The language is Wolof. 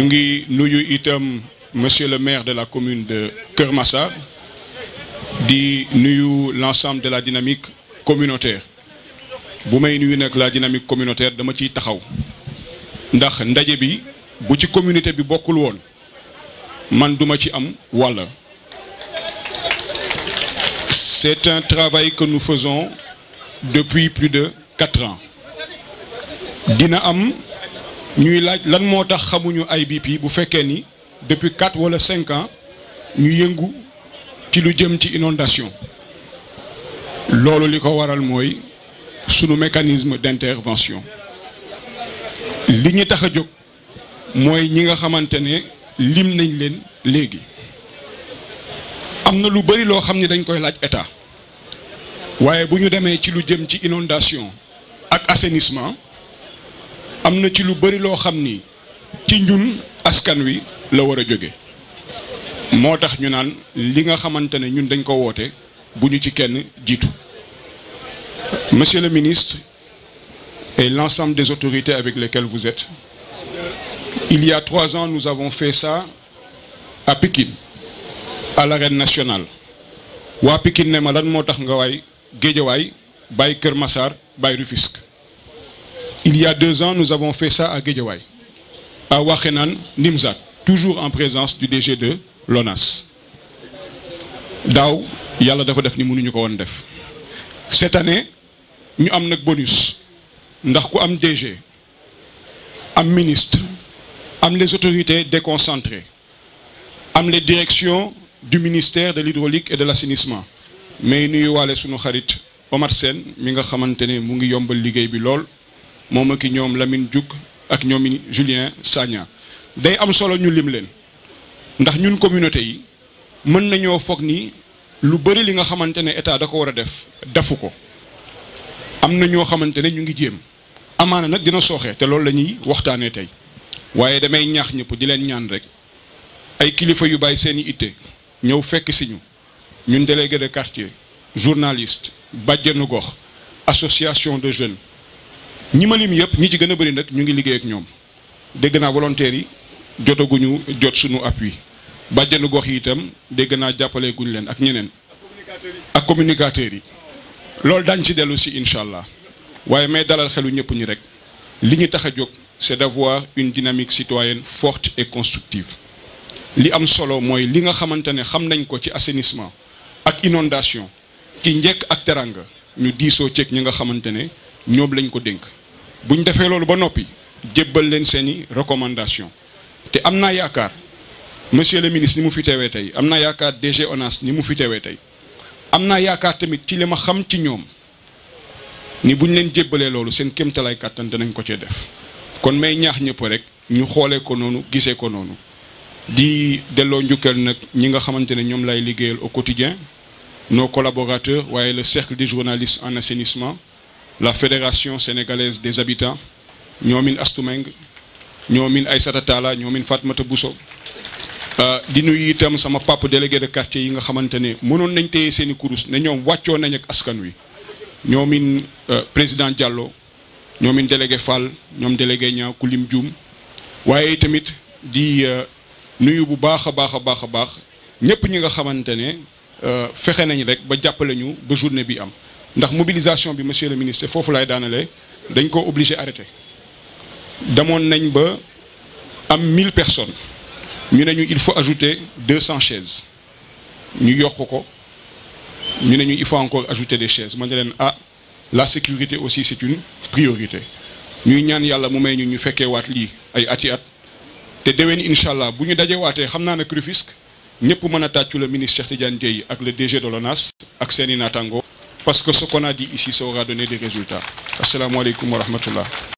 ñu ngi nuyu itam monsieur le maire de la commune de Kër Massar di nuyu l'ensemble de la dynamique communautaire bu may nuyu nag la dynamique communautaire dama ciy taxaw ndax ndaje bi bu ci communauté bi bokkul woon man duma ci am walla c'est un travail que nous faisons depuis plus de quatre ans ñuy laaj lan moo tax xamuñu ay IBP bu fekkee ni depuis quatre wala cinq ans ñu yëngu ci lu jëm ci inondation loolu li ko waral mooy sunu mécanisme d'intervention li ñu tax a jóg mooy ñi nga xamante ne lim nañ leen léegi am na lu bari loo xam ni dañ koy laaj état waaye bu ñu demee ci lu jëm ci inondation ak assainissement am na ci lu bari loo xam ni ci ñun askan wi la war a jóge moo tax ñu naan li nga xamante ne ñun dañ ko woote bu ñu ci kenn jiitu monsieur le ministre et l'ensemble des autorités avec lesquelles vous êtes il y a trois ans nous avons fait ça à Pikine à l'arène nationale waa Pikine ne ma lan moo tax nga waay Géejawaay bàyyi Kër masaar bàyyi Rufisque Il y a deux ans, nous avons fait ça à Guédiawaye, à Wakhenan Nimzat, toujours en présence du DG de l'ONAS. daaw yàlla dafa def ni mënuñu ko woon def cette année ñu am nag bonus ndax ku am DG am ministre am les autorités déconcentrées am les directions du ministère de l'hydraulique et de l'assainissement mais nuyu wale sunu xarit Omar seen mi nga xamante ne mu ngi yombal liggéey bi lool moom ak ñoom lamin Diouk ak ñoomi Julien Sagna day am solo ñu lim leen ndax ñun communauté yi mën nañoo foog nii lu bëri li nga xamante ne état da ko war a def defu ko am na ñoo xamante ne ñu ngi jéem amaana nag dina sooxee te loolu la ñuy waxtaanee tey waaye damay ñaax ñëpp di leen ñaan rek ay kilifa yu bàyyi seen i itte ñëw fekk si ñu ñun délégué de quartier journaliste bàjjenu gox association de jeunes. ñi ma lim yëpp ñi ci gën a bëri nag ñu ngi liggéey ak ñoom dégg naa volontaires yi jotaguñu jot suñu appui bàjjenu gox yi itam dégg naa jàppale leen ak ñeneen ak communicateurs yi loolu daañ ci dellu si incha allah waaye may dalal xelu ñëpp ñi rek li ñu tax a jóg c'est d'avoir une dynamique citoyenne forte et constructive li am solo mooy li nga xamante ne xam nañ ko ci assainissement ak inondation ci njëkk ak teranga ñu diisoo ceeg ñi nga xamante ne ñoom lañ ko dénk bu ñu defee loolu ba noppi jébbal leen seen i recommandation te am naa yaakaar monsieur le ministre ni mu fi teewee tey am na yaakaar DG ONAS ni mu fi teewee tey am naa yaakaar tamit ci li ma xam ci ñoom ni bu leen jébbalee loolu seen kéemtalaay kàttan danañ ko cee def kon may ñaax ñëpp rek ñu xoolee ko noonu gisee ko noonu di delloo njukkal nag ñi nga xamante ne ñoom lay liggéeyal au quotidien nos collaborateurs waaye le cercle des journalistes en assainissement la fédération sénégalaise des habitants ñoomin Astou Meng ñoomin Aïssata Talla ñoomin Fatmata Bousso euh, di nuyu itam sama papa délégué de quartier yi nga xamante ne mënoon nañ téye seeni kurus ne ñoom wàccoo nañ ak askan wi ñoomin euh, président Diallo ñoomin délégué Fall ñoom délégué ñaa ku lim Dioum waaye tamit di euh, nuyu bu baax a baax a baax a baax ñëpp ñi nga xamante ne fexe nañ rek ba jàppale ñu ba journée bi am. ndax mobilisation bi monsieur le ministre foofu laay daanale dañ ko obligé arrêté demoon nañ ba am 1000 personnes ñu ne ñu il faut ajouter 200 chaises ñu yokk ko ñu ne ñu il faut encore ajouter des chaises ma ne leen ah la sécurité aussi c'est une priorité ñuy ñaan yàlla mu may ñu ñu fekkee waat lii ay ati at te déwén incha allah bu ñu dajee dajewaatee xam naa ne Rufisque ñëpp mën a tàccu le ministre Cheikh Tidiane Dièye ak le DG de l'ONAS ak seeni naataango parce que ce qu'on a dit ici, ça aura donné des résultats. Assalamu alaikum wa rahmatullah.